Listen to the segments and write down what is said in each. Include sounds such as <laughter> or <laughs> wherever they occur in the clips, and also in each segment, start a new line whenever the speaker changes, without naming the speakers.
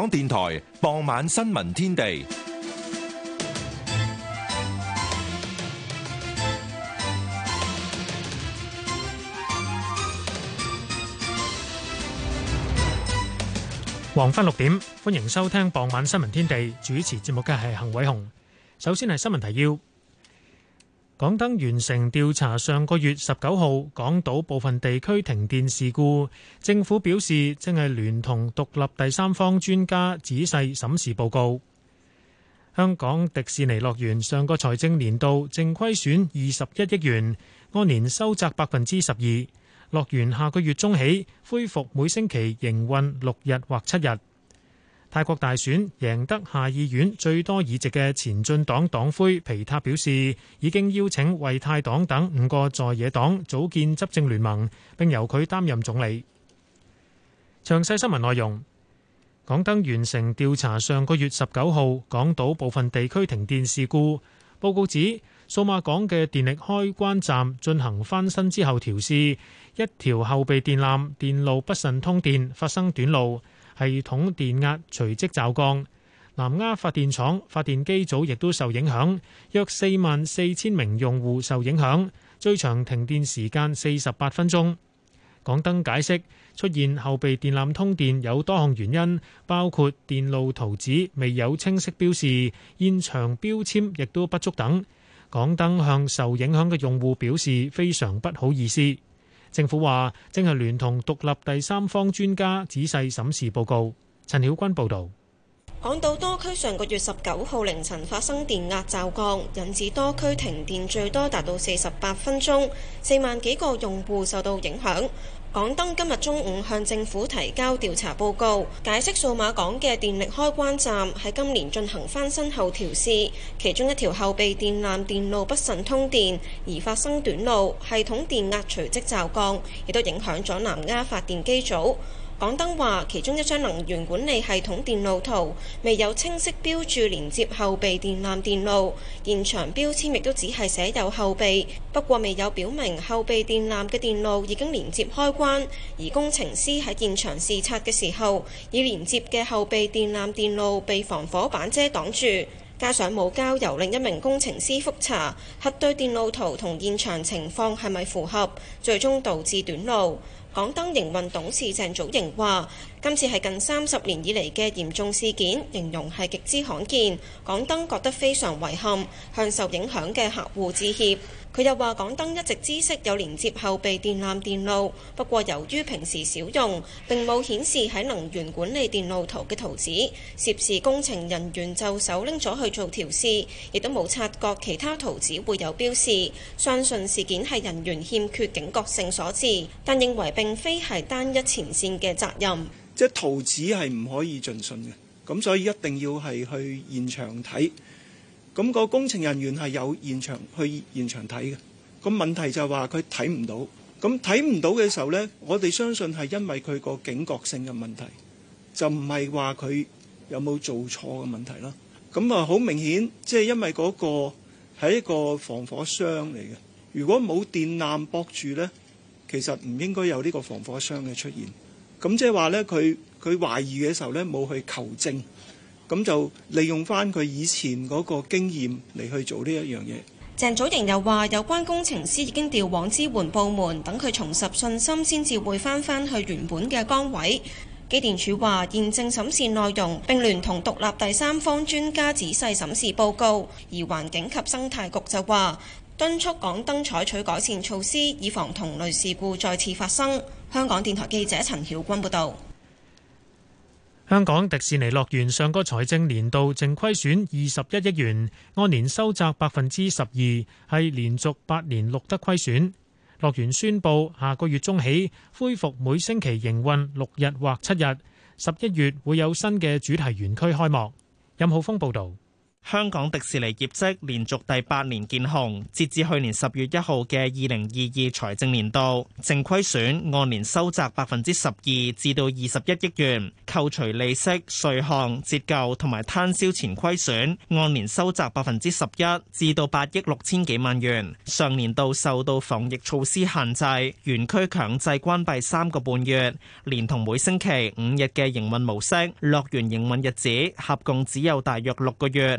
港電台傍晚新聞天地，
黃昏六點，歡迎收聽傍晚新聞天地。主持節目嘅係恒偉雄。首先係新聞提要。港燈完成調查，上個月十九號港島部分地區停電事故，政府表示正係聯同獨立第三方專家仔細審視報告。香港迪士尼樂園上個財政年度淨虧損二十一億元，按年收窄百分之十二。樂園下個月中起恢復每星期營運六日或七日。泰國大選贏得下議院最多議席嘅前進黨黨魁皮塔表示，已經邀請惠泰黨等五個在野黨組建執政聯盟，並由佢擔任總理。詳細新聞內容：港燈完成調查，上個月十九號港島部分地區停電事故報告指，數碼港嘅電力開關站進行翻新之後調試，一條後備電纜電路不慎通電，發生短路。系統電壓隨即驟降，南丫發電廠發電機組亦都受影響，約四萬四千名用戶受影響，最長停電時間四十八分鐘。港燈解釋出現後備電纜通電有多項原因，包括電路圖紙未有清晰標示、現場標籤亦都不足等。港燈向受影響嘅用戶表示非常不好意思。政府話正係聯同獨立第三方專家仔細審視報告。陳曉君報導。
港島多區上個月十九號凌晨發生電壓驟降，引致多區停電，最多達到四十八分鐘，四萬幾個用戶受到影響。港燈今日中午向政府提交調查報告，解釋數碼港嘅電力開關站喺今年進行翻新後調試，其中一條後備電纜電路不慎通電，而發生短路，系統電壓隨即驟降，亦都影響咗南丫發電機組。港燈話，其中一張能源管理系統電路圖未有清晰標注連接後備電纜電路，現場標籤亦都只係寫有後備，不過未有表明後備電纜嘅電路已經連接開關。而工程師喺現場視察嘅時候，已連接嘅後備電纜電路被防火板遮擋住，加上冇交由另一名工程師覆查核對電路圖同現場情況係咪符合，最終導致短路。港燈營運董事鄭祖瀛話。今次係近三十年以嚟嘅嚴重事件，形容係極之罕見。港燈覺得非常遺憾，向受影響嘅客戶致歉。佢又話：港燈一直知悉有連接後備電纜電路，不過由於平時少用，並冇顯示喺能源管理電路圖嘅圖紙。涉事工程人員就手拎咗去做調試，亦都冇察覺其他圖紙會有標示。相信事件係人員欠缺警覺性所致，但認為並非係單一前
線嘅責任。
即係圖紙係唔可以盡信嘅，咁所以一定要係去
現場睇。咁個工程人員係有現場去現場睇嘅。咁問題就係話佢睇唔到，咁睇唔到嘅時候呢，我哋相信係因為佢個警覺性嘅問題，就唔係話佢有冇做錯嘅問題啦。咁啊，好明顯，即係因為嗰個係一個防火箱嚟嘅，如果冇電纜駁住呢，其實唔應該有呢個防火箱嘅出現。咁即係話咧，佢佢懷疑嘅時候咧，冇去求證，咁就利用翻佢以前嗰個經驗嚟去做呢一樣嘢。
鄭祖瑩又話：有關工程師已經調往支援部門，等佢重拾信心先至會翻翻去原本嘅崗位。機電署話現正審視內容，並聯同獨立第三方專家仔細審視報告。而環境及生態局就話敦促港燈採取改善措施，以防同類事故再次發生。香港電台記者陳曉君報道：
香港迪士尼樂園上個財政年度淨虧損二十一億元，按年收窄百分之十二，係連續八年錄得虧損。樂園宣布下個月中起恢復每星期營運六日或七日，十一月會有新嘅主題園區開幕。任浩峰報道。
香港迪士尼業績連續第八年見紅，截至去年十月一號嘅二零二二財政年度淨虧損，按年收窄百分之十二至到二十一億元，扣除利息、稅項、折舊同埋攤銷前虧損，按年收窄百分之十一至到八億六千幾萬元。上年度受到防疫措施限制，園區強制關閉三個半月，連同每星期五日嘅營運模式，樂園營運日子合共只有大約六個月。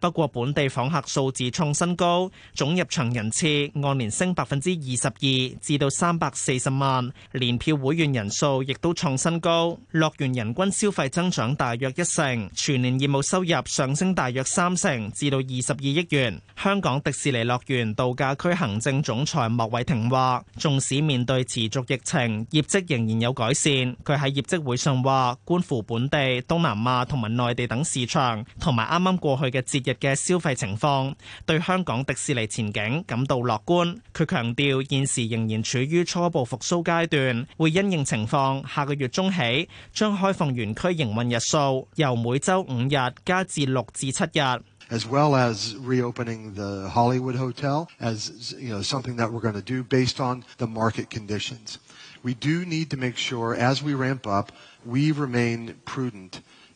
不過本地訪客數字創新高，總入場人次按年升百分之二十二，至到三百四十萬。年票會員人數亦都創新高，樂園人均消費增長大約一成，全年業務收入上升大約三成，至到二十二億元。香港迪士尼樂園度假區行政總裁莫偉庭話，縱使面對持續疫情，業績仍然有改善。佢喺業績會上話，觀乎本地、東南亞同埋內地等市場，同埋啱啱過去嘅節嘅消費情況，對香港迪士尼前景感到樂觀。佢強調現時仍然處於初步復甦階段，會因應情況，下個月中起將開放園區營運日數由每週五日加至六至七日。
As well as reopening the Hollywood Hotel as something that we're going to do based on the market conditions. We do need to make sure as we ramp up, we remain prudent.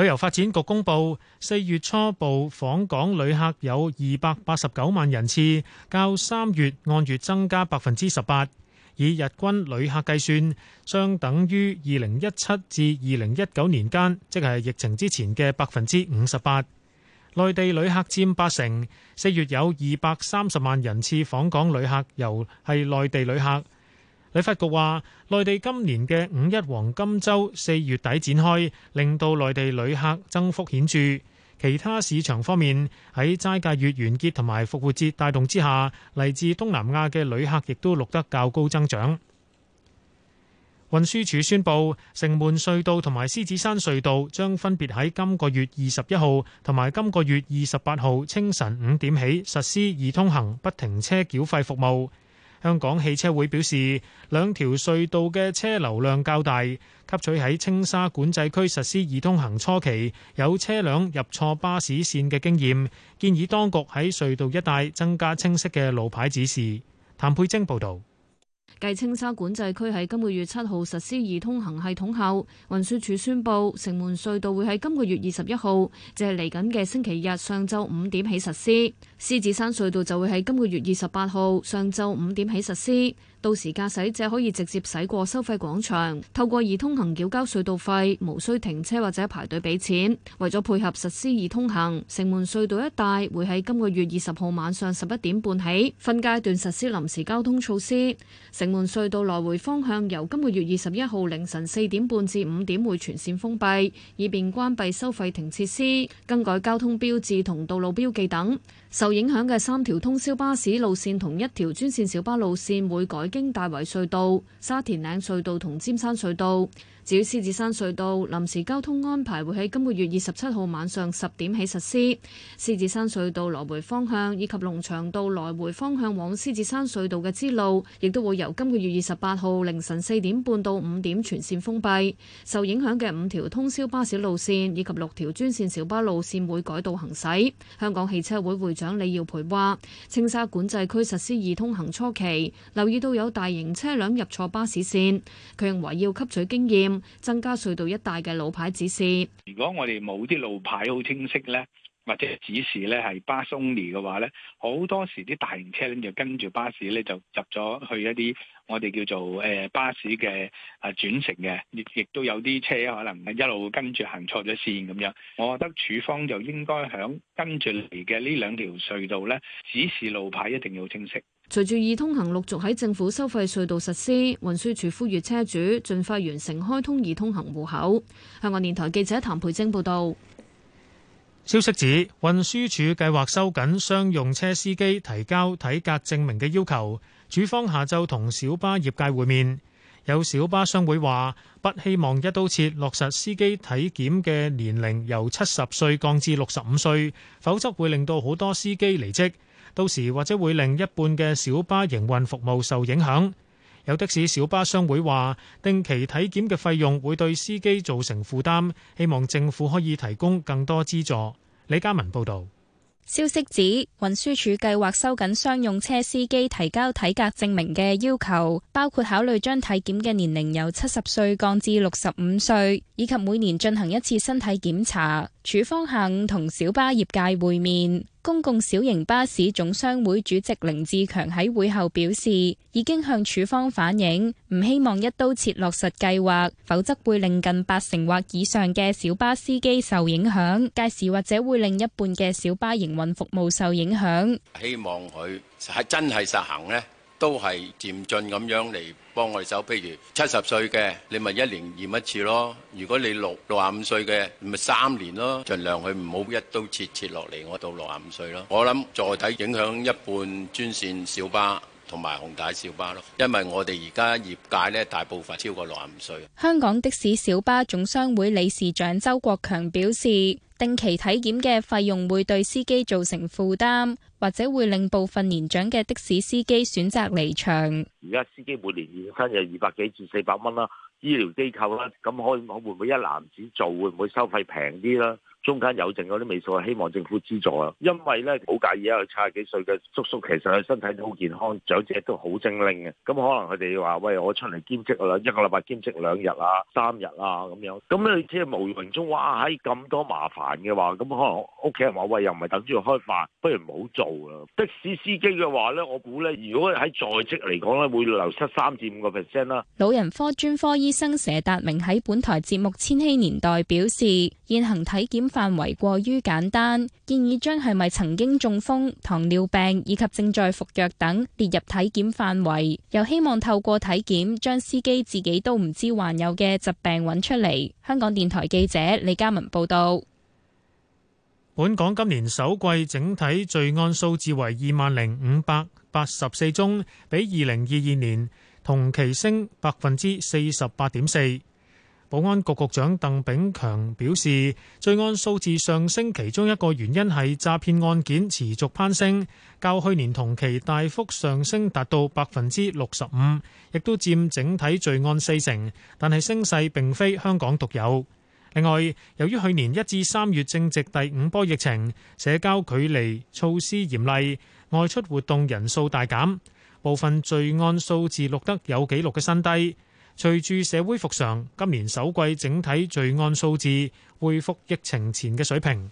旅遊發展局公布，四月初步訪港旅客有二百八十九萬人次，較三月按月增加百分之十八，以日均旅客計算，相等於二零一七至二零一九年間，即係疫情之前嘅百分之五十八。內地旅客占八成，四月有二百三十萬人次訪港旅客，由係內地旅客。旅發局話，內地今年嘅五一黃金周四月底展開，令到內地旅客增幅顯著。其他市場方面，喺齋戒月完結同埋復活節帶動之下，嚟自東南亞嘅旅客亦都錄得較高增長。運輸署宣布，城門隧道同埋獅子山隧道將分別喺今個月二十一號同埋今個月二十八號清晨五點起實施易通行不停車繳費服務。香港汽車會表示，兩條隧道嘅車流量較大，吸取喺青沙管制區實施易通行初期有車輛入錯巴士線嘅經驗，建議當局喺隧道一帶增加清晰嘅路牌指示。譚佩晶報道。
繼青沙管制區喺今個月七號實施易通行系統後，運輸署宣布，城門隧道會喺今個月二十一號，即係嚟緊嘅星期日上晝五點起實施；獅子山隧道就會喺今個月二十八號上晝五點起實施。到時駕駛者可以直接駛過收費廣場，透過易通行繳交，交隧道費，無需停車或者排隊俾錢。為咗配合實施易通行，城門隧道一帶會喺今個月二十號晚上十一點半起分階段實施臨時交通措施。城門隧道來回方向由今個月二十一號凌晨四點半至五點會全線封閉，以便關閉收費亭設施、更改交通標誌同道路標記等。受影響嘅三條通宵巴士路線同一條專線小巴路線會改經大圍隧道、沙田嶺隧道同尖山隧道。至於獅子山隧道臨時交通安排，會喺今個月二十七號晚上十點起實施。獅子山隧道來回方向以及龍翔道來回方向往獅子山隧道嘅支路，亦都會由今個月二十八號凌晨四點半到五點全線封閉。受影響嘅五條通宵巴士路線以及六條專線小巴路線會改道行駛。香港汽車會會長李耀培話，青沙管制區實施二通行初期，留意到有大型車輛入錯巴士線，佢認為要吸取經驗。增加隧道一帶嘅路牌指示。
如果我哋冇啲路牌好清晰咧，或者指示咧，係巴松尼嘅話咧，好多時啲大型車咧就跟住巴士咧就入咗去一啲我哋叫做誒巴士嘅啊，轉乘嘅，亦亦都有啲車可能一路跟住行錯咗線咁樣。我覺得署方就應該響跟住嚟嘅呢兩條隧道咧，指示路牌一定要清晰。
隨住易通行陸續喺政府收費隧道實施，運輸署呼籲車主盡快完成開通易通行戶口。香港電台記者譚培晶報道。
消息指，運輸署計劃收緊商用車司機提交體格證明嘅要求。署方下晝同小巴業界會面，有小巴商會話不希望一刀切落實司機體檢嘅年齡由七十歲降至六十五歲，否則會令到好多司機離職。到時或者會令一半嘅小巴營運服務受影響。有的士小巴商會話，定期體檢嘅費用會對司機造成負擔，希望政府可以提供更多資助。李家文報導。
消息指，運輸署計劃收緊商用車司機提交體格證明嘅要求，包括考慮將體檢嘅年齡由七十歲降至六十五歲，以及每年進行一次身體檢查。署方下午同小巴業界會面，公共小型巴士總商會主席凌志強喺會後表示，已經向署方反映，唔希望一刀切落實計劃，否則會令近八成或以上嘅小巴司機受影響，屆時或者會令一半嘅小巴營運服務受影響。
希望佢係真係實行呢，都係漸進咁樣嚟。幫我手，譬如七十歲嘅，你咪一年驗一次咯；如果你六六廿五歲六十五歲嘅，咪三年咯。儘量佢唔好一刀切切落嚟，我到六十五歲咯。我諗再睇影響一半專線小巴同埋紅帶小巴咯，因為我哋而家業界咧，大部分超過六十五歲。
香港的士小巴總商會理事長周國強表示。定期體檢嘅費用會對司機造成負擔，或者會令部分年長嘅的、的士司機選擇離場。
而家司機每年驗身有二百幾至四百蚊啦，醫療機構啦，咁可以，咁會唔會一籃子做，會唔會收費平啲啦？中間有剩嗰啲微數，希望政府資助啊！因為咧，好介意啊，七十幾歲嘅叔叔其實佢身體都好健康，長者都好精靈嘅。咁可能佢哋話：喂，我出嚟兼職啦，一個禮拜兼職兩日啊，三日啊咁樣。咁你即係無形中哇，喺咁多麻煩嘅話，咁可能屋企人話：喂，又唔係等住開飯，不如唔好做啊！的士司機嘅話咧，我估咧，如果喺在職嚟講咧，會流失三至五個 percent 啦。
老人科專科醫生佘達明喺本台節目《千禧年代》表示，現行體檢範圍過於簡單，建議將係咪曾經中風、糖尿病以及正在服藥等列入體檢範圍。又希望透過體檢，將司機自己都唔知患有嘅疾病揾出嚟。香港電台記者李嘉文報道。
本港今年首季整體罪案數字為二萬零五百八十四宗，比二零二二年同期升百分之四十八點四。保安局局長鄧炳強表示，罪案數字上升，其中一個原因係詐騙案件持續攀升，較去年同期大幅上升達，達到百分之六十五，亦都佔整體罪案四成。但係升勢並非香港獨有。另外，由於去年一至三月正值第五波疫情，社交距離措施嚴厲，外出活動人數大減，部分罪案數字錄得有紀錄嘅新低。隨住社會復常，今年首季整體罪案數字恢復疫情前嘅水平。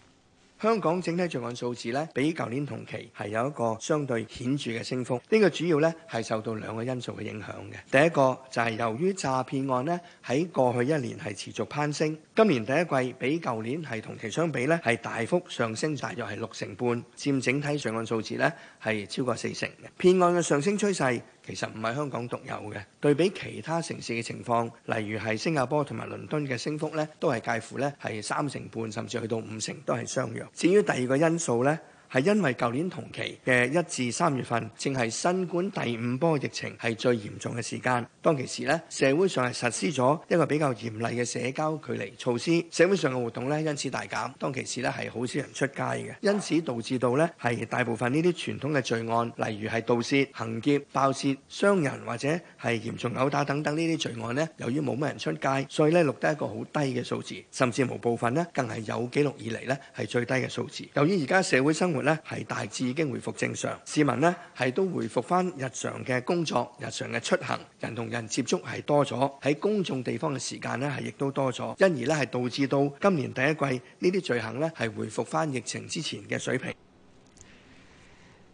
香港整體罪案數字咧，比舊年同期係有一個相對顯著嘅升幅。呢個主要咧係受到兩個因素嘅影響嘅。第一個就係由於詐騙案咧喺過去一年係持續攀升，今年第一季比舊年係同期相比咧係大幅上升，大約係六成半，佔整體罪案數字咧係超過四成嘅騙案嘅上升趨勢。其實唔係香港獨有嘅，對比其他城市嘅情況，例如係新加坡同埋倫敦嘅升幅呢，都係介乎呢係三成半，甚至去到五成，都係相若。至於第二個因素呢。係因為舊年同期嘅一至三月份，正係新冠第五波疫情係最嚴重嘅時間。當其時呢，社會上係實施咗一個比較嚴厲嘅社交距離措施，社會上嘅活動呢，因此大減。當其時呢係好少人出街嘅，因此導致到呢係大部分呢啲傳統嘅罪案，例如係盜竊、行劫、爆竊、傷人或者係嚴重毆打等等呢啲罪案呢，由於冇乜人出街，所以呢錄得一個好低嘅數字，甚至無部分呢更係有紀錄以嚟呢係最低嘅數字。由於而家社會生活，咧係大致已經回復正常，市民咧係都回復翻日常嘅工作、日常嘅出行，人同人接觸係多咗，喺公眾地方嘅時間咧係亦都多咗，因而咧係導致到今年第一季呢啲罪行咧係回復翻疫情之前嘅水平。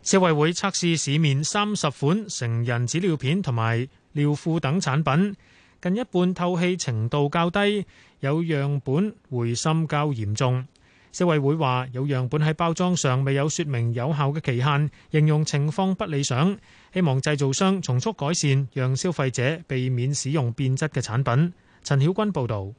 消委會測試市面三十款成人紙尿片同埋尿褲等產品，近一半透氣程度較低，有樣本回滲較嚴重。消委會話有樣本喺包裝上未有說明有效嘅期限，形容情況不理想，希望製造商重速改善，讓消費者避免使用變質嘅產品。陳曉君報道。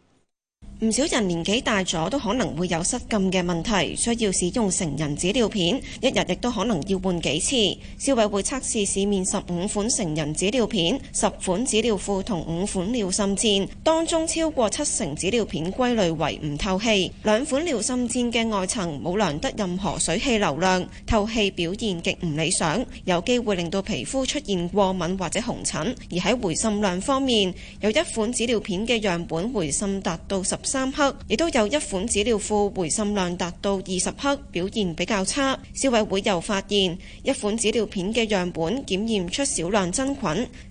唔少人年紀大咗都可能會有失禁嘅問題，需要使用成人紙尿片，一日亦都可能要換幾次。消委會測試市面十五款成人紙尿片、十款紙尿褲同五款尿滲墊，當中超過七成紙尿片歸類為唔透氣，兩款尿滲墊嘅外層冇量得任何水氣流量，透氣表現極唔理想，有機會令到皮膚出現過敏或者紅疹。而喺回滲量方面，有一款紙尿片嘅樣本回滲達到十三克，亦都有一款紙尿褲回滲量達到二十克，表現比較差。消委會又發現，一款紙尿片嘅樣本檢驗出少量真菌，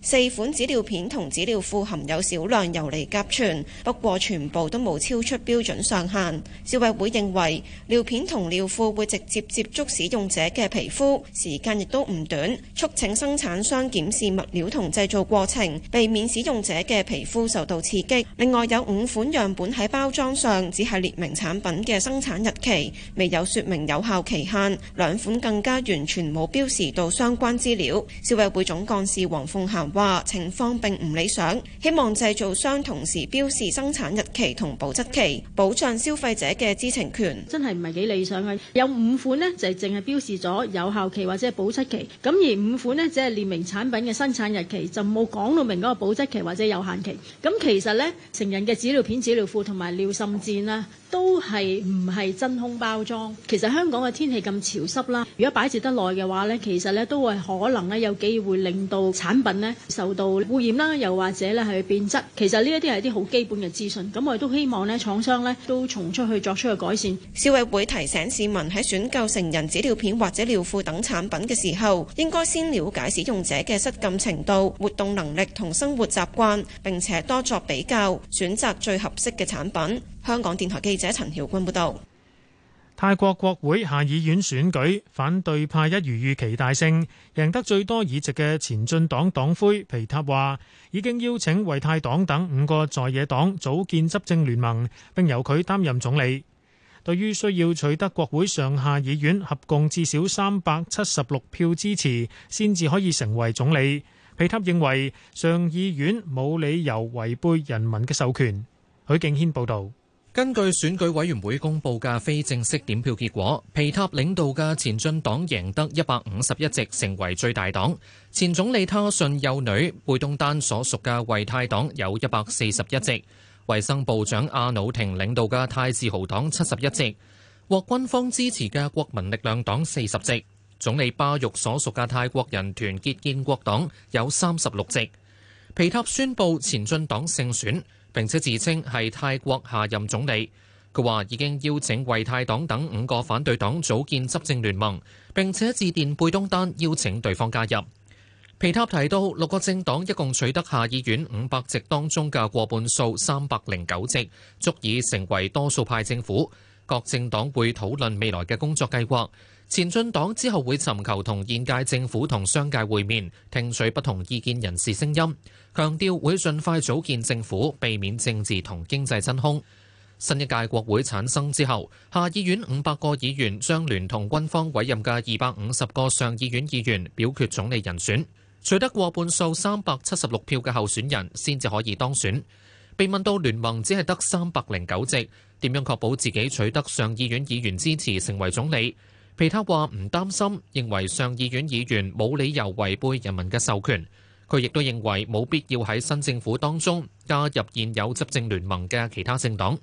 四款紙尿片同紙尿褲含有少量游離甲醛，不過全部都冇超出標準上限。消委會認為，尿片同尿褲會直接接觸使用者嘅皮膚，時間亦都唔短，促請生產商檢視物料同製造過程，避免使用者嘅皮膚受到刺激。另外有五款樣本。喺包裝上只係列明產品嘅生產日期，未有說明有效期限。兩款更加完全冇標示到相關資料。消委會總幹事黃鳳嫻話：情況並唔理想，希望製造商同時標示生產日期同保質期，保障消費
者嘅知情權。真係唔係幾理想啊，有五款咧就淨係標示咗有效期或者保質期，咁而五款咧只係列明產品嘅生產日期，就冇講到明嗰個保質期或者有限期。咁其實咧成人嘅紙尿片、紙尿褲。同埋尿滲墊呢，都係唔係真空包裝？其實香港嘅天氣咁潮濕啦，如果擺置得耐嘅話呢，其實呢都會可能呢有機會令到產品呢受到污染啦，又或者呢係變質。其實呢一啲係啲好基本嘅資訊。咁我亦都希望呢廠商呢都從出去作出嘅改善。消委會提醒市民喺選購成人紙尿片或者尿褲等產
品嘅時候，應該先了解使用者嘅失禁程度、活動能力同生活習慣，並且多作比較，選擇最合適嘅嘅產品。香港電台記者陳
曉君報道。泰國國會下議院選舉反對派一如預期大勝，贏得最多議席嘅前進黨黨魁皮塔話，已經邀請為泰黨等五個在野黨組建執政聯盟，並由佢擔任總理。對於需要取得國會上下議院合共至少三百七十六票支持，先至可以成為總理，皮塔認為上議院冇理由違背人民嘅授權。許敬軒報道，根據選舉委
員會公布嘅非正式點票結果，皮塔領導嘅前進黨贏得一百五十一席，成為最大黨。前總理他信幼女貝東丹所屬嘅為泰黨有一百四十一席，衛生部長阿努廷領導嘅泰自豪黨七十一席，獲軍方支持嘅國民力量黨四十席，總理巴育所屬嘅泰國人團結建國黨有三十六席。皮塔宣布前進黨勝選。並且自稱係泰國下任總理。佢話已經邀請為泰黨等五個反對黨組建執政聯盟，並且致電貝東丹邀請對方加入。皮塔提到，六個政黨一共取得下議院五百席當中嘅過半數三百零九席，足以成為多數派政府。各政黨會討論未來嘅工作計劃。前進黨之後會尋求同現屆政府同商界會面，聽取不同意見人士聲音，強調會盡快組建政府，避免政治同經濟真空。新一屆國會產生之後，下議院五百個議員將聯同軍方委任嘅二百五十個上議院議員表決總理人選，取得過半數三百七十六票嘅候選人先至可以當選。被問到聯盟只係得三百零九席，點樣確保自己取得上議院議員支持成為總理？皮塔話唔擔心，認為上議院議員冇理由違背人民嘅授權。佢亦都認為冇必要喺新政府當中加入現有執政聯盟嘅其他政黨。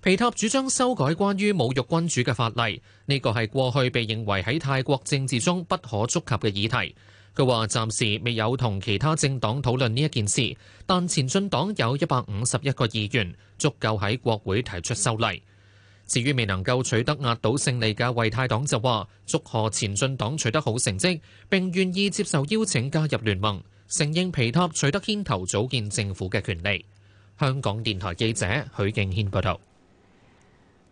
皮塔主張修改關於侮辱君主嘅法例，呢個係過去被認為喺泰國政治中不可觸及嘅議題。佢話暫時未有同其他政黨討論呢一件事，但前進黨有一百五十一個議員，足夠喺國會提出修例。至於未能夠取得壓倒勝利嘅為泰黨就話：祝賀前進黨取得好成績，並願意接受邀請加入聯盟，承認皮塔取得牽頭組建政府嘅權利。香港電台記者許敬軒報道。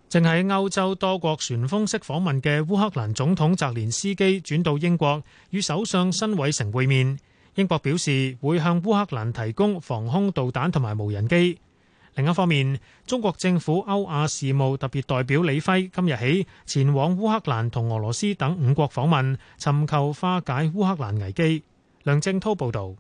正喺歐洲多國旋風式訪問嘅烏克蘭總統澤連斯基轉到英國與首相辛偉誠會面。英國表示會向烏克蘭提供防空導彈同埋無人機。另一方面，中國政府歐亞事務特別代表李輝今日起前往烏克蘭同俄羅斯等五國訪問，尋求化解烏克蘭危機。梁正滔報導。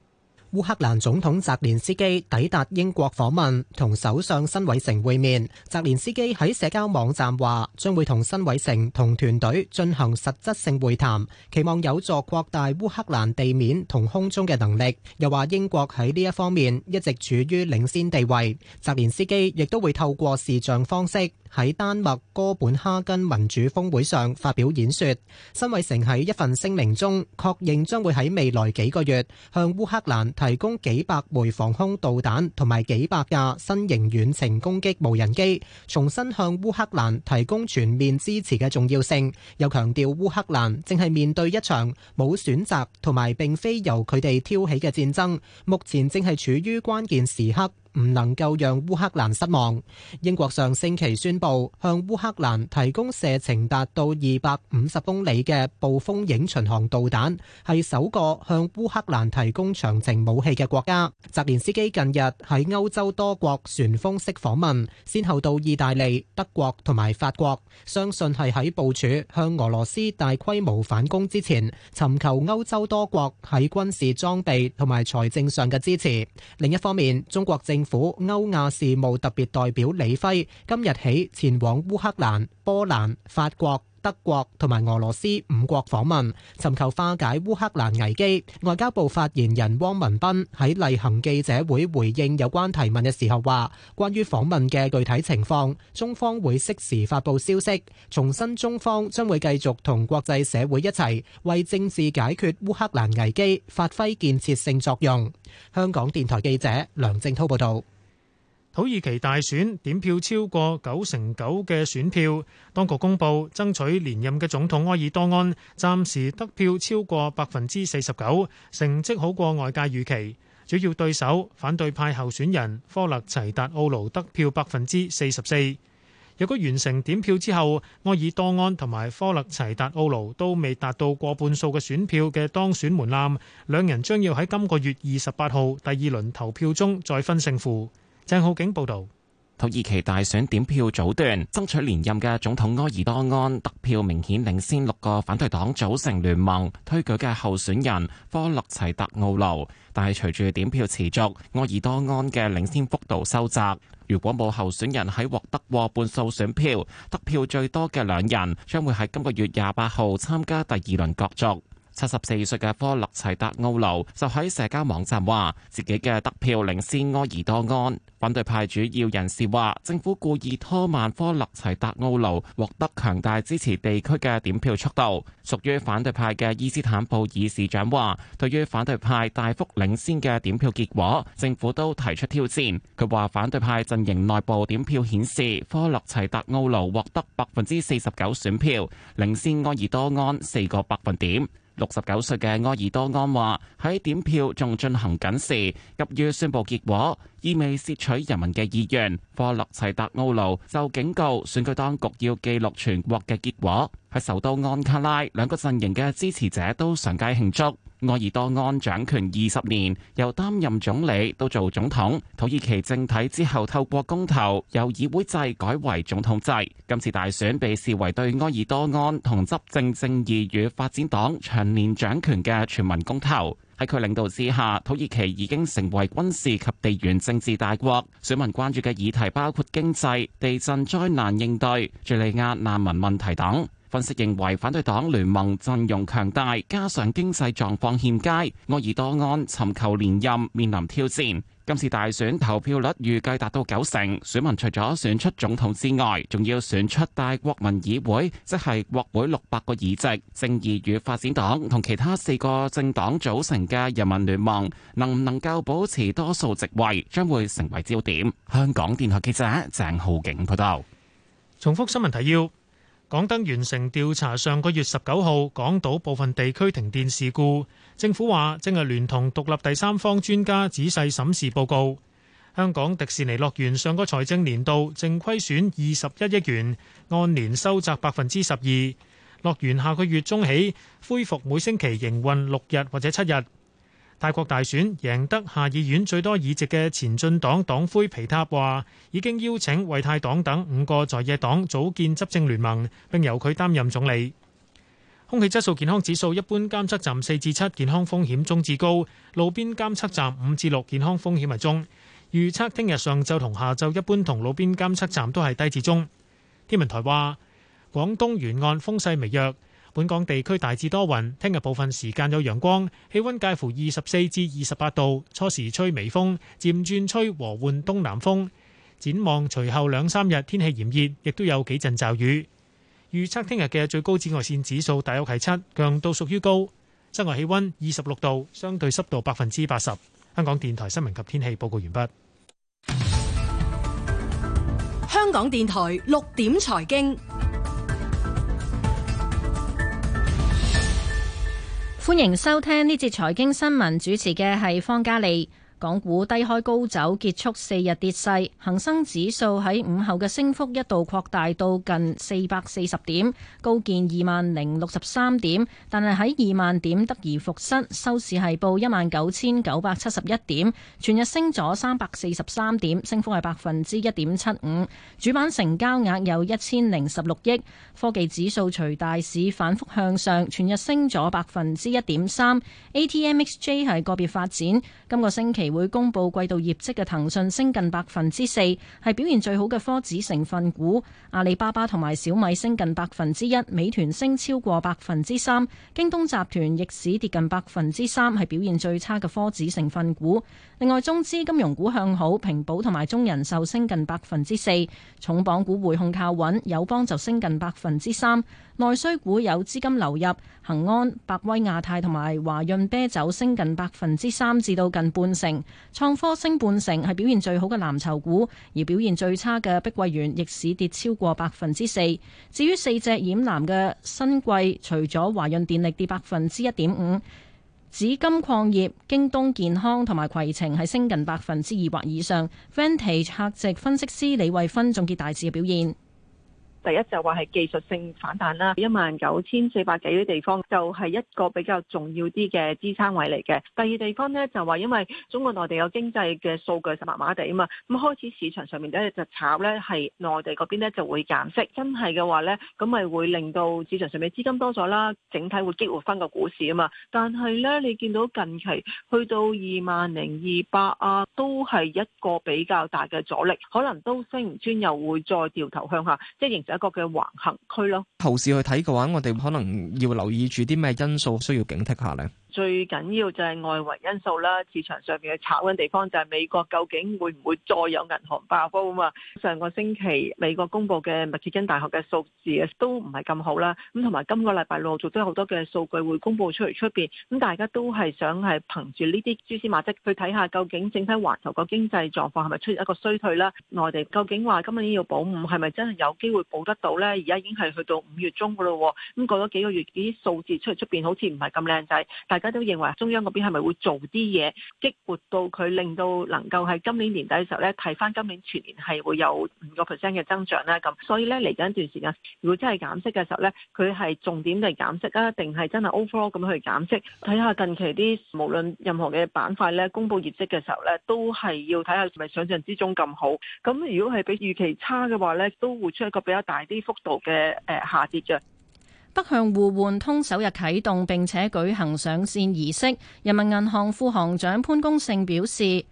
烏克蘭總統澤連斯
基抵達英國訪問，同首相辛偉誠會面。澤連斯基喺社交網站話，將會同辛偉誠同團隊進行實質性會談，期望有助擴大烏克蘭地面同空中嘅能力。又話英國喺呢一方面一直處於領先地位。澤連斯基亦都會透過視像方式，喺丹麥哥本哈根民主峰會上發表演說。辛偉誠喺一份聲明中確認將會喺未來幾個月向烏克蘭提供幾百枚防空導彈同埋幾百架新型遠程攻擊無人機，重申向烏克蘭提供全面支持嘅重要性。又強調烏克蘭正係面對一場冇選擇同埋並非由佢哋挑起嘅戰爭，目前正係處於關鍵時刻。唔能夠讓烏克蘭失望。英國上星期宣布向烏克蘭提供射程達到二百五十公里嘅暴風影巡航導彈，係首個向烏克蘭提供長程武器嘅國家。澤連斯基近日喺歐洲多國旋風式訪問，先後到意大利、德國同埋法國，相信係喺部署向俄羅斯大規模反攻之前，尋求歐洲多國喺軍事裝備同埋財政上嘅支持。另一方面，中國政府歐亞事務特別代表李輝今日起前往烏克蘭、波蘭、法國、德國同埋俄羅斯五國訪問，尋求化解烏克蘭危機。外交部發言人汪文斌喺例行記者會回應有關提問嘅時候話，關於訪問嘅具體情況，中方會適時發布消息，重申中方將會繼續同國際社會一齊為政治解決烏克蘭危機發揮建設性作用。香港電台記者
梁正濤報道。土耳其大選點票超過九成九嘅選票，當局公布爭取連任嘅總統埃爾多安暫時得票超過百分之四十九，成績好過外界預期。主要對手反對派候選人科勒齊達奧盧得票百分之四十四。如果完成點票之後，埃爾多安同埋科勒齊達奧盧都未達到過半數嘅選票嘅當選門檻，兩人將要喺今個月二十八號第二輪投票中再分勝負。鄭浩景報道，
土耳其大選點票早段，爭取連任嘅總統埃爾多安得票明顯領先六個反對黨組成聯盟推舉嘅候選人科勒齊特奧路。但係隨住點票持續，埃爾多安嘅領先幅度收窄。如果冇候選人喺獲得過半數選票，得票最多嘅兩人將會喺今個月廿八號參加第二輪角逐。七十四歲嘅科勒齊達奧勞就喺社交網站話自己嘅得票領先埃爾多安。反對派主要人士話，政府故意拖慢科勒齊達奧勞獲得強大支持地區嘅點票速度。屬於反對派嘅伊斯坦布爾市長話，對於反對派大幅領先嘅點票結果，政府都提出挑戰。佢話，反對派陣營內部點票顯示科勒齊達奧勞獲得百分之四十九選票，領先埃爾多安四個百分點。六十九歲嘅埃爾多安話：喺點票仲進行緊時，急於宣布結果。意味竊取人民嘅意願。科洛齊達奧魯就警告選舉當局要記錄全國嘅結果。喺首都安卡拉，兩個陣營嘅支持者都上街慶祝。愛爾多安掌權二十年，由擔任總理都做總統，土耳其政體之後透過公投由議會制改為總統制。今次大選被視為對愛爾多安同執政正義與發展黨長年掌權嘅全民公投。喺佢領導之下，土耳其已經成為軍事及地緣政治大國。選民關注嘅議題包括經濟、地震災難應對、敘利亞難民問題等。分析認為，反對黨聯盟陣容強大，加上經濟狀況欠佳，埃爾多安尋求連任面臨挑戰。今次大選投票率預計達到九成，選民除咗選出總統之外，仲要選出大國民議會，即係國會六百個議席。正義與發展黨同其他四個政黨組成嘅人民聯盟，能唔能夠保持多數席位，
將會成為焦點。香港電台記者鄭浩景報道。重複新聞提要。港燈完成調查，上個月十九號港島部分地區停電事故，政府話正係聯同獨立第三方專家仔細審視報告。香港迪士尼樂園上個財政年度淨虧損二十一億元，按年收窄百分之十二。樂園下個月中起恢復每星期營運六日或者七日。泰國大選贏得下議院最多議席嘅前進黨黨魁皮塔話，已經邀請維泰黨等五個在野黨組建執政聯盟，並由佢擔任總理。空氣質素健康指數一般監測站四至七，健康風險中至高；路邊監測站五至六，健康風險係中。預測聽日上晝同下晝一般同路邊監測站都係低至中。天文台話，廣東沿岸風勢微弱。本港地區大致多雲，聽日部分時間有陽光，氣溫介乎二十四至二十八度，初時吹微風，漸轉吹和緩東南風。展望隨後兩三日天氣炎熱，亦都有幾陣驟雨。預測聽日嘅最高紫外線指數大約係七，強度屬於高。室外氣溫二十六度，相對濕度百分之八十。香港電台新聞及天氣報告完畢。
香港電台六點財經。
歡迎收聽呢節財經新聞，主持嘅係方嘉利。港股低開高走，結束四日跌勢。恒生指數喺午後嘅升幅一度擴大到近四百四十點，高見二萬零六十三點，但係喺二萬點得而復失，收市係報一萬九千九百七十一點，全日升咗三百四十三點，升幅係百分之一點七五。主板成交額有一千零十六億。科技指數隨大市反復向上，全日升咗百分之一點三。ATMXJ 係個別發展，今個星期。會公布季度業績嘅騰訊升近百分之四，係表現最好嘅科指成分股。阿里巴巴同埋小米升近百分之一，美團升超過百分之三。京東集團逆市跌近百分之三，係表現最差嘅科指成分股。另外，中資金融股向好，平保同埋中人壽升近百分之四。重磅股匯控靠穩，友邦就升近百分之三。內需股有資金流入，恒安、百威亞太同埋華潤啤酒升近百分之三至到近半成。創科升半成係表現最好嘅藍籌股，而表現最差嘅碧桂園逆市跌超過百分之四。至於四隻染藍嘅新貴，除咗華潤電力跌百分之一點五，紫金礦業、京東健康同埋攜程係升近百分之二或以上。Vantage 客席分析師李慧芬總結大致嘅表現。第
一就話係技術性反彈啦，一萬九千四百幾啲地方就係一個比較重要啲嘅支撐位嚟嘅。第二地方咧就話因為中國內地有經濟嘅數據就麻麻地啊嘛，咁開始市場上面咧就炒咧係內地嗰邊咧就會減息，真係嘅話咧咁咪會令到市場上面資金多咗啦，整體會激活翻個股市啊嘛。但係咧你見到近期去到二萬零二百啊，都係一個比較大嘅阻力，可能都升唔穿又會再掉頭向下，即係形成。一個嘅橫行區
咯。後市去睇嘅話，我哋可能要留意住啲咩因素，需要警惕下咧？
最緊要就係外圍因素啦，市場上面嘅炒嘅地方就係美國究竟會唔會再有銀行爆煲啊？上個星期美國公布嘅密歇根大學嘅數字都唔係咁好啦，咁同埋今個禮拜陸續都有好多嘅數據會公佈出嚟出邊，咁大家都係想係憑住呢啲蛛絲馬跡去睇下究竟整體環球個經濟狀況係咪出現一個衰退啦？內地究竟話今年要保五係咪真係有機會保得到呢？而家已經係去到五月中噶啦、啊，咁過咗幾個月啲數字出嚟出邊好似唔係咁靚仔，但大家都認為中央嗰邊係咪會做啲嘢激活到佢，令到能夠喺今年年底嘅時候咧，睇返今年全年係會有五個 percent 嘅增長咧。咁所以咧嚟緊一段時間，如果真係減息嘅時候咧，佢係重點嚟減息啊，定係真係 overall 咁去減息？睇下近期啲無論任何嘅板塊咧，公布業績嘅時候咧，都係要睇下係咪想像之中咁好。咁如果係比預期差嘅話咧，都會出一個比較大啲幅度嘅誒下跌嘅。
北向互換通首日啟動並且舉行上線儀式，人民銀行副行長潘功勝表示，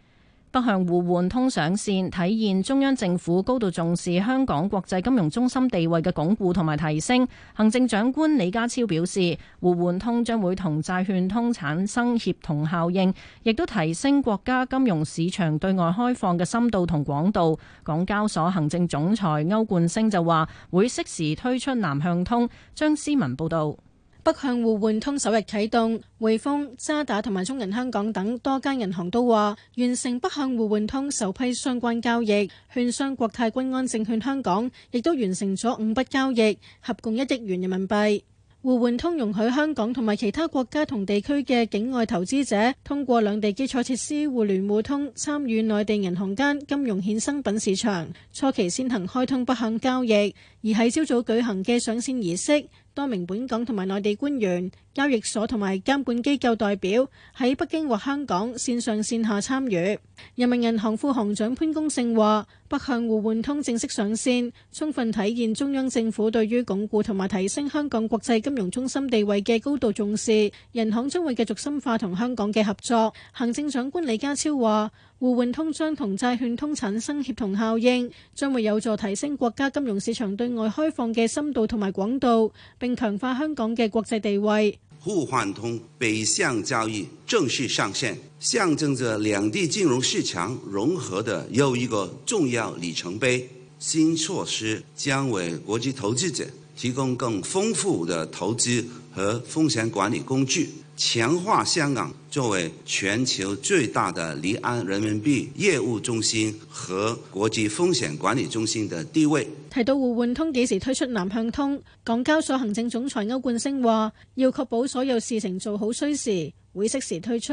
北向互換通上線，體現中央政府高度重視香港國際金融中心地位嘅鞏固同埋提升。行政長官李家超表示，互換通將會同債券通產生協同效應，亦都提升國家金融市場對外開放嘅深度同廣度。港交所行政總裁歐冠星就話，會適時推出南向通。張思文報導。
北向互換通首日啟動，匯豐、渣打同埋中銀香港等多間銀行都話完成北向互換通首批相關交易，券商國泰君安證券香港亦都完成咗五筆交易，合共一億元人民幣。互換通容許香港同埋其他國家同地區嘅境外投資者通過兩地基礎設施互聯互通，參與內地銀行間金融衍生品市場。初期先行開通北向交易，而喺朝早舉行嘅上線儀式。多名本港同埋內地官員、交易所同埋監管機構代表喺北京或香港線上線下參與。人民銀行副行長潘功勝話：北向互換通正式上線，充分體現中央政府對於鞏固同埋提升香港國際金融中心地位嘅高度重視，人行將會繼續深化同香港嘅合作。行政長官李家超話。互換通將同債券通產生協同效應，將會有助提升國家金融市場對外開放嘅深度同埋廣度，並強化香港嘅國際地位。
互換通北向交易正式上線，象徵着兩地金融市場融合的又一個重要里程碑。新措施將為國際投資者提供更豐富的投資和風險管理工具。強化香港作為全球最大的離岸人民幣業務中心和國際風險管理中心的地位。
提到互換通幾時推出南向通，港交所行政總裁歐冠星話，要確保所有事情做好需時，會
適時推出。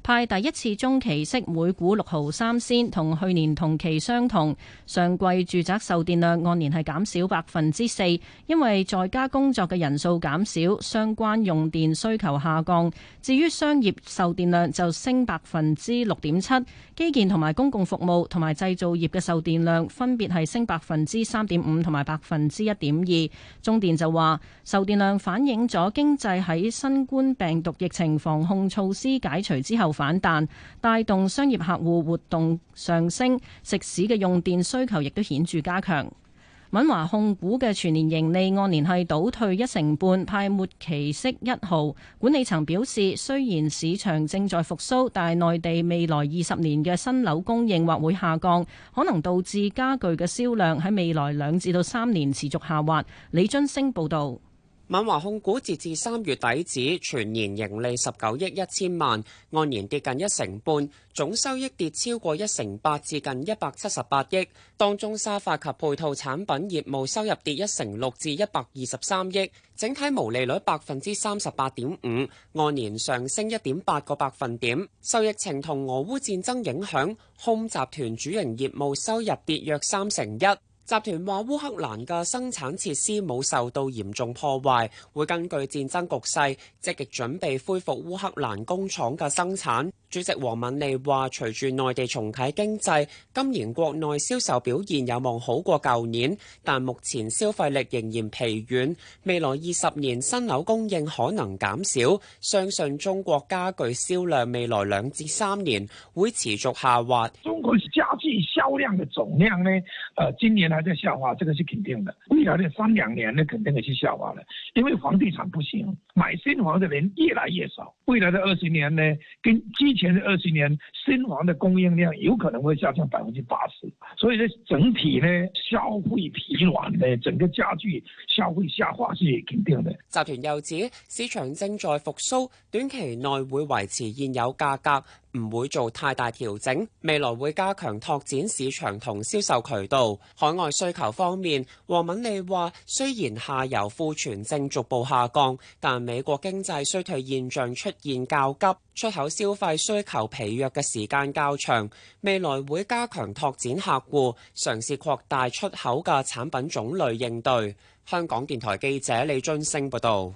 派第一次中期息每股六毫三仙，同去年同期相同。上季住宅售電量按年係減少百分之四，因為在家工作嘅人數減少，相關用電需求下降。至於商業售電量就升百分之六點七，基建同埋公共服務同埋製造業嘅售電量分別係升百分之三點五同埋百分之一點二。中電就話，售電量反映咗經濟喺新冠病毒疫情防控措，措施解除之後。反彈帶動商業客戶活動上升，食肆嘅用電需求亦都顯著加強。敏華控股嘅全年盈利按年係倒退一成半，派末期息一毫。管理層表示，雖然市場正在復蘇，但係內地未來二十年嘅新樓供應或會下降，可能導致傢具嘅銷量喺未來兩至到三年持續下滑。李津升報道。
敏華控股截至三月底止，全年盈利十九億一千萬，按年跌近一成半，總收益跌超過一成八，至近一百七十八億。當中沙發及配套產品業務收入跌一成六，至一百二十三億，整體毛利率百分之三十八點五，按年上升一點八個百分點。受疫情同俄烏戰爭影響，Home 集團主營業務收入跌約三成一。集團話烏克蘭嘅生產設施冇受到嚴重破壞，會根據戰爭局勢積極準備恢復烏克蘭工廠嘅生產。主席黃敏利話，隨住內地重啟經濟，今年國內銷售表現有望好過舊年，但目前消費力仍然疲軟。未來二十年新樓供應可能減少，相信中國家具銷量未來兩至三年會持續下滑。中國
家具銷量嘅總量呢？誒，今年。還在下滑，這個是肯定的。未來的三兩年呢，肯定也是下滑的，因為房地產不行，買新房的人越來越少。未來的二十年呢，跟之前的二十年，新房的供應量有可能會下降百分之八十，所以呢，整體呢，消費疲軟呢，整個家具消費下滑是肯定
的。集團又指，市場正在復甦，短期內會維持現有價格。唔會做太大調整，未來會加強拓展市場同銷售渠道。海外需求方面，王敏利話：雖然下游庫存正逐步下降，但美國經濟衰退現象出現較急，出口消費需求疲弱嘅時間較長。未來會加強拓展客戶，嘗試擴大出口嘅產品種類應對。香港電台記者李俊升報道。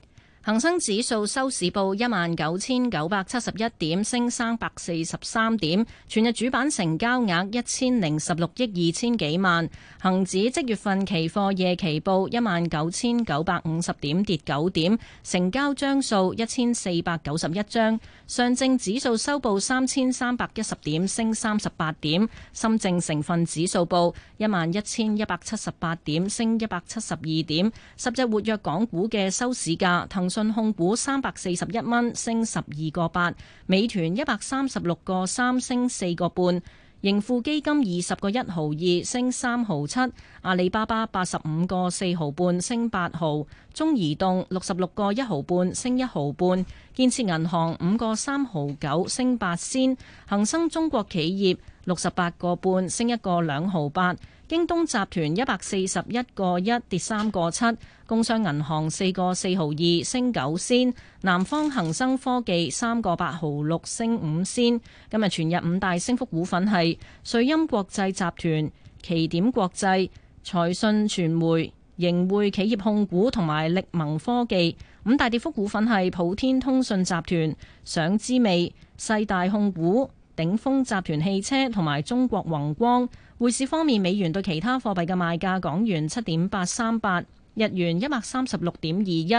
恒生指數收市報一萬九千九百七十一點，升三百四十三點。全日主板成交額一千零十六億二千幾萬。恒指即月份期貨夜期報一萬九千九百五十點，跌九點，成交張數一千四百九十一張。上證指數收報三千三百一十點，升三十八點。深證成分指數報一萬一千一百七十八點，升一百七十二點。十隻活躍港股嘅收市價，信控股三百四十一蚊，升十二個八；美團一百三十六個三，升四個半；盈富基金二十個一毫二，升三毫七；阿里巴巴八十五個四毫半，升八毫；中移動六十六個一毫半，升一毫半；建設銀行五個三毫九，升八仙；恒生中國企業六十八個半，升一個兩毫八。京東集團一百四十一個一，跌三個七，工商銀行四個四毫二，升九仙，南方恒生科技三個八毫六，升五仙。今日全日五大升幅股份係瑞音國際集團、奇點國際、財訊傳媒、盈匯企業控股同埋力盟科技。五大跌幅股份係普天通訊集團、上知味、世大控股、頂峰集團汽車同埋中國宏光。匯市方面，美元對其他貨幣嘅賣價：港元七點八三八，日元一百三十六點二一，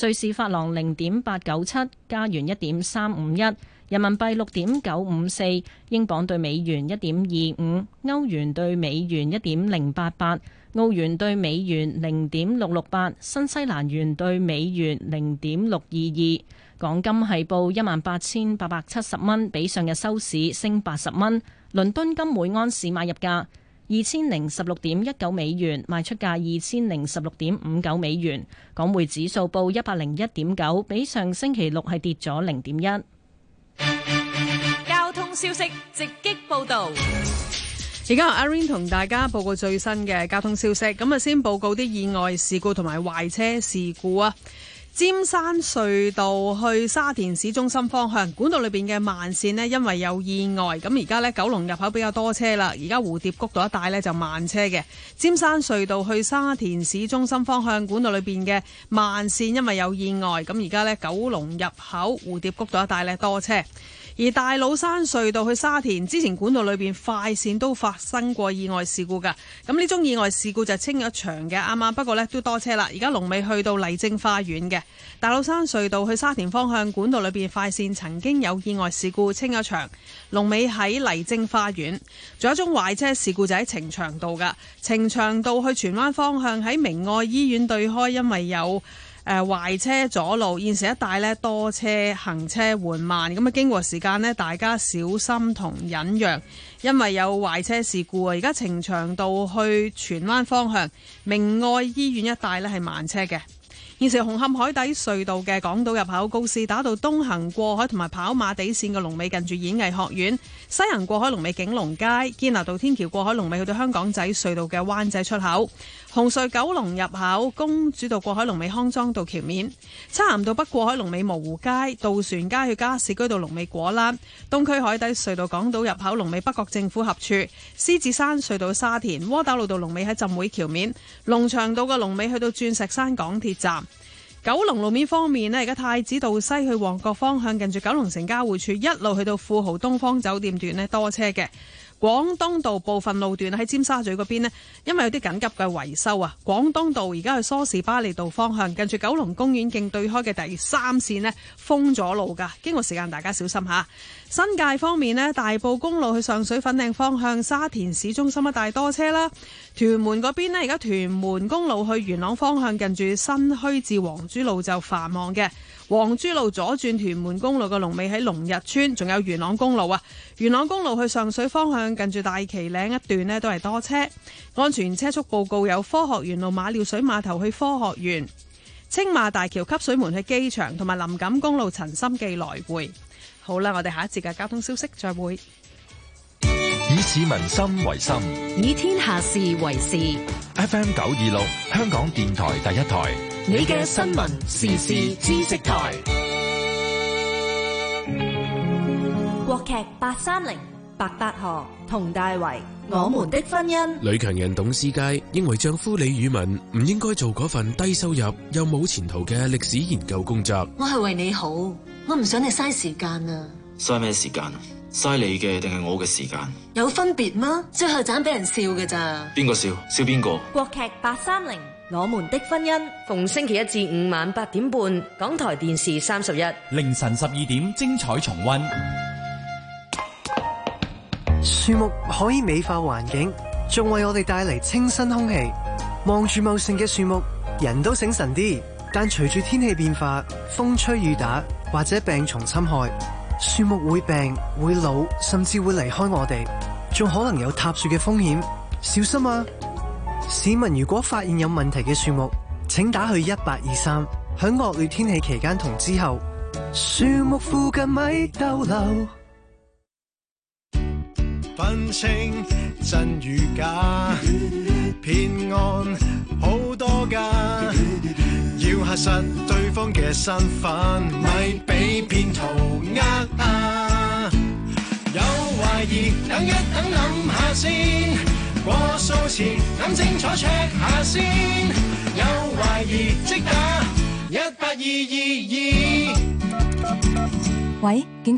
瑞士法郎零點八九七，加元一點三五一，人民幣六點九五四，英鎊對美元一點二五，歐元對美元一點零八八，澳元對美元零點六六八，新西蘭元對美元零點六二二。港金係報一萬八千八百七十蚊，比上日收市升八十蚊。倫敦金每安士買入價二千零十六點一九美元，賣出價二千零十六點五九美元。港匯指數報一百零一點九，比上星期六係跌咗零點一。
交通消息直擊報道，
而家我阿 Rain 同大家報告最新嘅交通消息。咁啊，先報告啲意外事故同埋壞車事故啊！尖山隧道去沙田市中心方向管道裏邊嘅慢線呢，因為有意外，咁而家呢，九龍入口比較多車啦。而家蝴蝶谷道一帶呢，就慢車嘅。尖山隧道去沙田市中心方向管道裏邊嘅慢線，因為有意外，咁而家呢，九龍入口蝴蝶谷道一帶呢，多車。而大老山隧道去沙田之前，管道裏邊快線都發生過意外事故㗎。咁呢種意外事故就清咗場嘅，啱啱不過咧，都多車啦。而家龍尾去到麗晶花園嘅大老山隧道去沙田方向管道裏邊快線曾經有意外事故清咗場，龍尾喺麗晶花園。仲有一宗壞車事故就喺呈祥道㗎，呈祥道去荃灣方向喺明愛醫院對開，因為有。誒壞車阻路，現時一帶咧多車，行車緩慢。咁啊，經過時間咧，大家小心同忍讓，因為有壞車事故啊！而家呈祥道去荃灣方向、明愛醫院一帶咧係慢車嘅。現時紅磡海底隧道嘅港島入口告士打道東行過海同埋跑馬地線嘅龍尾近住演藝學院，西行過海龍尾景隆街、堅拿道天橋過海龍尾去到香港仔隧道嘅灣仔出口。紅隧九龍入口公主道過海龍尾康莊道橋面，漆咸道北過海龍尾蕪湖街、渡船街去加士居道龍尾果欄，東區海底隧道港島入口龍尾北角政府合處，獅子山隧道沙田窩打老道龍尾喺浸會橋面，龍翔道嘅龍尾去到鑽石山港鐵站。九龍路面方面呢，而家太子道西去旺角方向近住九龍城交匯處一路去到富豪東方酒店段呢多車嘅。廣東道部分路段喺尖沙咀嗰邊呢，因為有啲緊急嘅維修啊。廣東道而家去梳士巴利道方向，近住九龍公園徑對開嘅第三線呢封咗路噶。經過時間，大家小心吓。新界方面呢，大埔公路去上水粉嶺方向，沙田市中心一帶多車啦。屯門嗰邊呢，而家屯門公路去元朗方向，近住新墟至黃珠路就繁忙嘅。黃珠路左轉屯門公路嘅龍尾喺龍日村，仲有元朗公路啊！元朗公路去上水方向近住大旗嶺一段呢，都係多車，安全車速報告有科學園路馬料水碼頭去科學園、青馬大橋汲水門去機場，同埋林錦公路陳心記來回。好啦，我哋下一節嘅交通消息再會。
以市民心為心，
以天下事為事。
FM 九二六，香港電台第一台。你嘅新聞時事知識台，
國劇八三零，白百何、佟大為，我們的
婚姻。
女強人董思佳認為丈夫李宇文唔應該做嗰份低收入又冇前途嘅歷史研究工作。
我係為你好，我唔想你嘥時間啊！
嘥咩時間？嘥你嘅定係我嘅時間？
有分別嗎？最後盞俾
人
笑㗎咋？
邊個笑？笑邊個？
國劇八三零。我們的婚姻，逢星期一至五晚八點半，港台電視三十一
凌晨十二點，精彩重温。樹木可以美化環境，
仲為我哋帶嚟清新空氣。望住茂盛嘅樹木，人都醒神啲。但隨住天氣變化，風吹雨打或者病蟲侵害，樹木會病會老，甚至會離開我哋，仲可能有塌樹嘅風險，小心啊！市民如果發現有問題嘅樹木，請打去一八二三。響惡劣天氣期間同之後，樹木附近咪逗留，分清真與假，騙案好多㗎， <laughs> 要核實對方嘅身份，咪俾騙徒呃呀。有懷疑，等一等諗下先。
過數前，諗清楚 check 下先，有懷疑即
打一八二二二。
喂，警。